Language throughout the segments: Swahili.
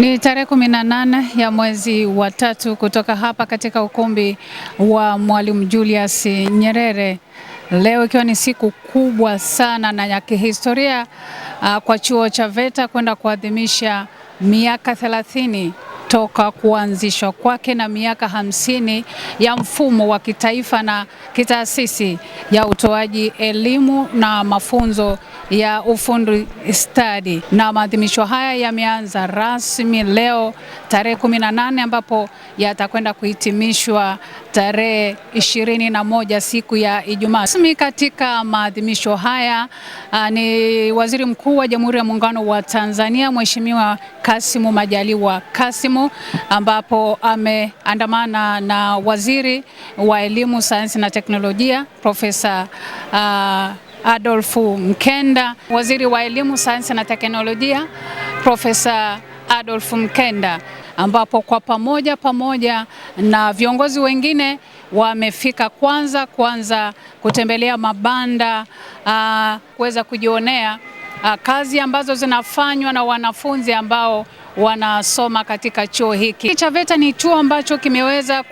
Ni tarehe kumi na nane ya mwezi wa tatu kutoka hapa katika ukumbi wa Mwalimu Julius Nyerere. Leo ikiwa ni siku kubwa sana na ya kihistoria uh, kwa chuo cha VETA kwenda kuadhimisha miaka thelathini toka kuanzishwa kwake na miaka hamsini ya mfumo wa kitaifa na kitaasisi ya utoaji elimu na mafunzo ya ufundi stadi, na maadhimisho haya yameanza rasmi leo tarehe 18 ambapo yatakwenda kuhitimishwa tarehe na moja siku ya Ijumaa. Rasmi katika maadhimisho haya a, ni Waziri Mkuu wa Jamhuri ya Muungano wa Tanzania Mheshimiwa Kasimu Majaliwa Kasimu ambapo ameandamana na Waziri wa Elimu, Sayansi na Teknolojia Profesa adolfu Mkenda, waziri wa elimu, sayansi na teknolojia Profesa adolfu Mkenda, ambapo kwa pamoja pamoja na viongozi wengine wamefika kwanza kwanza kutembelea mabanda ah, kuweza kujionea Ah, kazi ambazo zinafanywa na wanafunzi ambao wanasoma katika chuo hiki. VETA. ni chuo ambacho kimeweza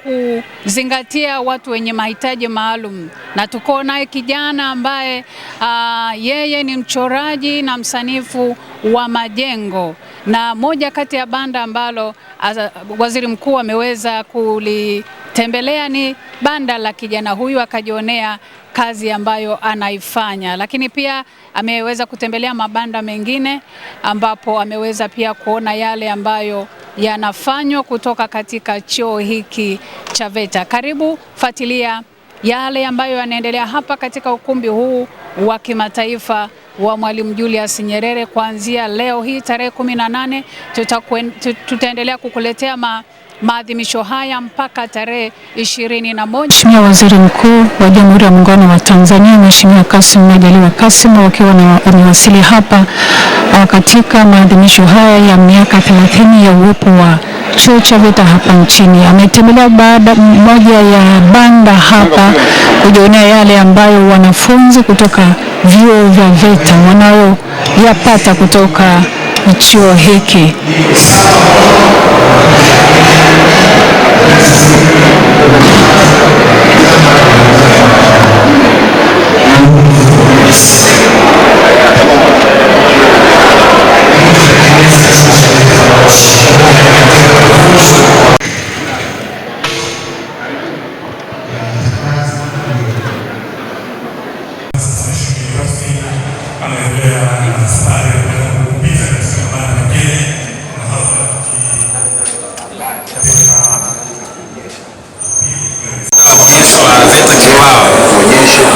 kuzingatia watu wenye mahitaji maalum, na tuko naye kijana ambaye aa, ah, yeye ni mchoraji na msanifu wa majengo, na moja kati ya banda ambalo ah, waziri mkuu ameweza kuli tembelea ni banda la kijana huyu akajionea kazi ambayo anaifanya, lakini pia ameweza kutembelea mabanda mengine ambapo ameweza pia kuona yale ambayo yanafanywa kutoka katika chuo hiki cha VETA. Karibu fuatilia yale ambayo yanaendelea hapa katika ukumbi huu wa kimataifa wa Mwalimu Julius Nyerere kuanzia leo hii tarehe 18 tutaendelea kukuletea ma maadhimisho haya mpaka tarehe 21. Mheshimiwa Waziri Mkuu wa Jamhuri ya Muungano wa Tanzania Mheshimiwa Kassim Majaliwa Kassim wakiwa wamewasili hapa uh, katika maadhimisho haya ya miaka 30 ya uwepo wa chuo cha VETA hapa nchini. Ametembelea baada moja ya banda hapa kujionea yale ambayo wanafunzi kutoka vyuo vya VETA wanayoyapata kutoka chuo hiki. Yes.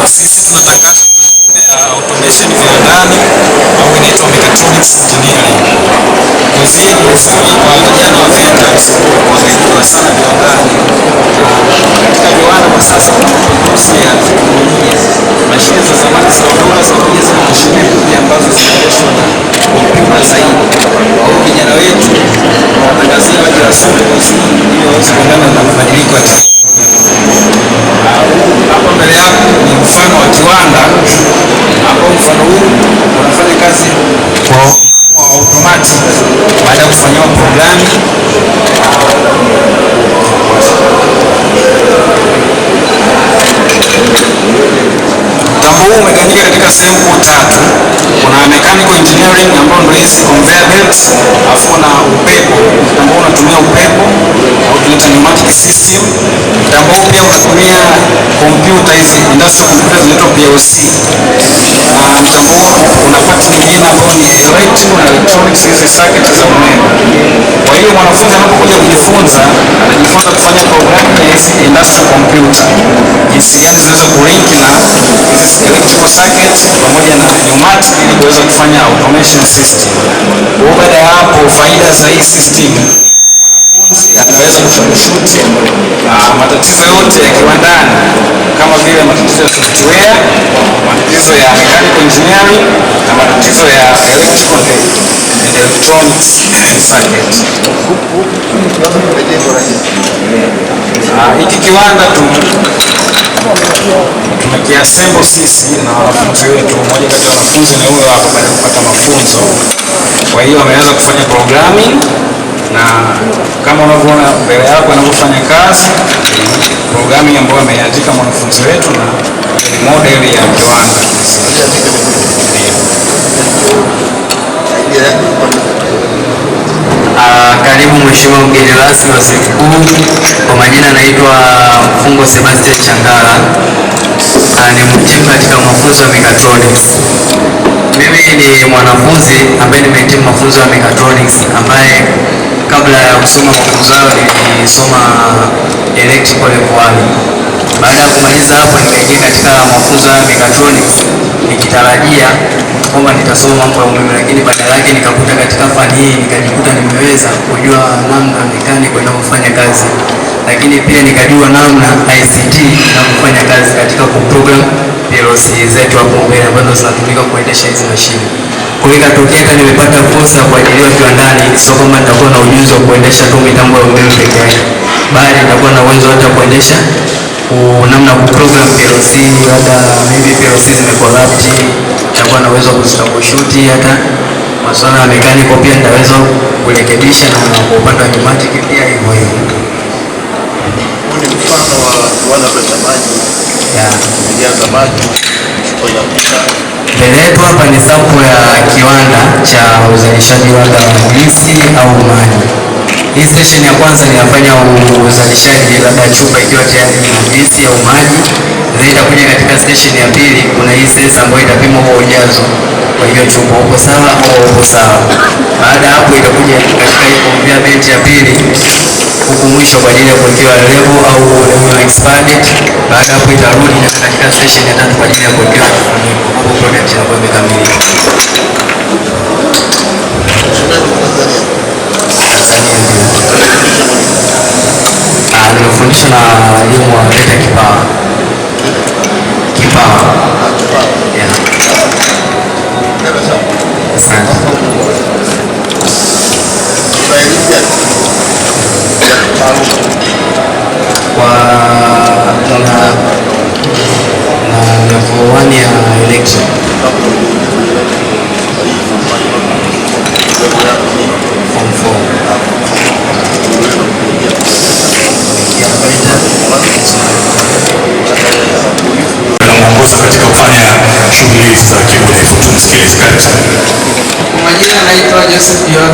sisi tunatangaza uh, automation viwandani au inaitwa mechatronics engineering. Kozi hii sana kwa vijana wa VETAs wanaikiwa sana viwandani. Katika viwanda kwa sasa tunapozia teknolojia, mashine za zamani za odola zinakuja zina mashine mpya ambazo zinaendeshwa na kompyuta zaidi. Kwa hiyo vijana wetu wanatangazia ajira soko kozi ili waweze kuendana na mabadiliko ya teknolojia. sehemu tatu. Kuna mechanical engineering ambao ndio hizi conveyor belt, alafu kuna upepo ambao unatumia upepo au tunaita pneumatic system, ambao pia unatumia kompyuta hizi industrial computer zinaitwa PLC, na mtambo una part nyingine ambao ni electrical na electronics, hizi circuit za umeme. Kwa hiyo mwanafunzi anapokuja kujifunza anajifunza kufanya programu hizi industrial computer, jinsi gani zinaweza kulinki na kwa circuit pamoja na pneumatic ili kuweza kufanya automation system. baada ya hapo, faida za hii system mwanafunzi anaweza kushuti ah, matatizo yote ya kiwandani kama vile matatizo ya software, matatizo ya mechanical engineering na matatizo ya electrical and electronics circuit. Ah, hiki kiwanda tu tumekiasembo sisi na wanafunzi wetu. Mmoja kati ya wanafunzi ni huyo hapo, baada ya kupata mafunzo. Kwa hiyo wameanza kufanya programming, na kama unavyoona mbele yako anavyofanya kazi programming ambayo ameandika mwanafunzi wetu, na ni ya kiwanda Uh, karibu mheshimiwa mgeni rasmi wa siku kuu. Kwa majina anaitwa Mfungo Sebastian Changala. Ah, ni mhitimu katika mafunzo ya mechatronics. Mimi ni mwanafunzi ambaye nimehitimu mafunzo ya mechatronics ambaye kabla ya kusoma mafunzo hayo nilisoma electrical kwa baada ya kumaliza hapo, nimeingia katika mafunzo ya mechatronics nikitarajia kwamba nitasoma kwa umeme, lakini badala yake nikakuta katika fani hii nikajikuta nimeweza kujua namna mechanical inavyofanya kazi, lakini pia nikajua namna ICT inavyofanya kazi katika kuprogram PLC zetu hapo mbele ambazo zinatumika kuendesha hizi mashine. Kwa hiyo ikatokea kama nimepata fursa ya kuajiriwa kiwandani, sio kwamba nitakuwa na ujuzi wa kuendesha tu mitambo ya umeme pekee yake, bali nitakuwa na uwezo hata kuendesha namna kuprogram PLC, labda maybe PLC zimecollapse, nitakuwa na uwezo wa kuzitaboshuti hata masuala ya mekaniko pia nitaweza kurekebisha, na kwa upande wa pneumatic pia hivyo hivyo. Ni mfano wa kiwanda cha ya mbele yetu hapa, ni sample ya kiwanda cha uzalishaji wa gesi au maji. Hii station ya kwanza inafanya uzalishaji labda chupa ikiwa tayari juisi au maji, then itakuja katika station ya pili. Kuna hii sensor ambayo itapima huo ujazo kwa hiyo chupa, uko sawa au uko sawa. Baada hapo, itakuja katika hii conveyor ya pili huku mwisho kwa ajili ya kuwekewa level au level expanded. Baada hapo, itarudi katika station ya tatu kwa ajili ya kuwekewa product ambayo imekamilika. Nimefundishwa na mwalimu wa Peter Kipawa. Kipawa. Asante. Kwa na level 1 ya election Kwa majina naitwa Joseph Joao,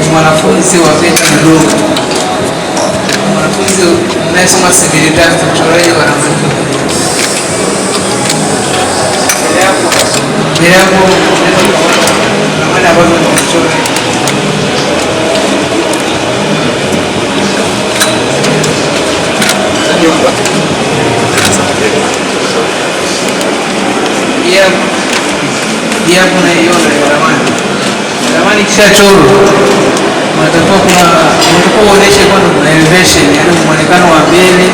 ni mwanafunzi wa Peter Mduga, mwanafunzi anayesoma sibili uchoraji wa ramani. Mbele yako ramani ambazo nimechora hii hapo naiona ramani. Ramani ikishachorwa unatakiwa kuna unatakiwa uoneshe kwanza kuna elevation, yaani muonekano wa mbele,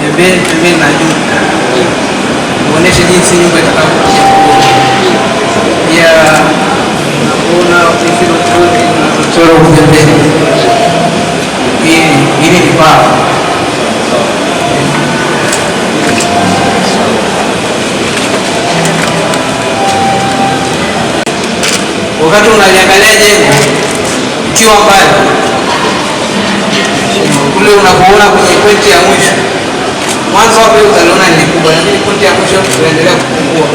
pembeni, pembeni na nyuma. Uoneshe jinsi nyumba itakavyokuwa. Ya una ofisi nzuri na mchoro pembeni. Hii ni paa. wakati unaliangalia jengo ukiwa mbali kule unakuona kwenye pointi ya mwisho mwanzo wapi utaliona ni kubwa, lakini pointi ya mwisho tunaendelea kupungua.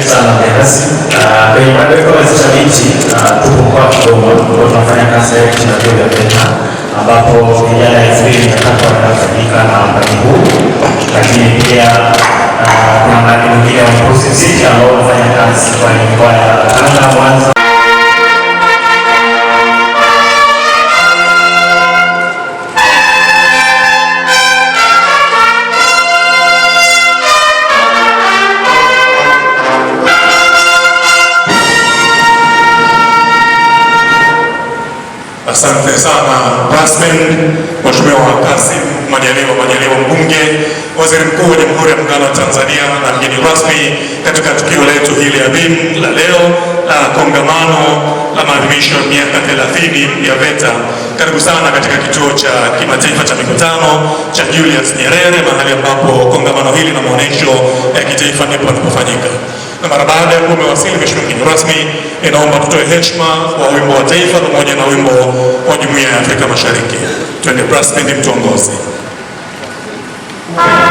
sana Venasi. Ah, kwenye mradi wetu wa wezesha miti tuko kazi ya chini ambapo vijana elfu mbili mia tatu wanafaidika na mradi huu, lakini pia ah, kuna mradi mwingine wa Mbuzi City ambao unafanya kazi kwa mikoa ya Tanga, Mwanza Asante sana rasmi Mheshimiwa Kasim Majaliwa Majaliwa, mbunge waziri mkuu wa Jamhuri ya Muungano wa Tanzania na mgeni rasmi katika tukio letu hili adhimu la leo la kongamano la maadhimisho ya miaka 30 ya VETA. Karibu sana katika kituo cha kimataifa cha mikutano cha Julius Nyerere, mahali ambapo kongamano hili na maonyesho ya kitaifa ndipo yanapofanyika na mara baada ya kuwa umewasili mheshimiwa mgeni rasmi, inaomba tutoe heshima kwa wimbo wa taifa pamoja na wimbo wa Jumuiya ya Afrika Mashariki. Twende rasmi, brasbendi mtongozi ah.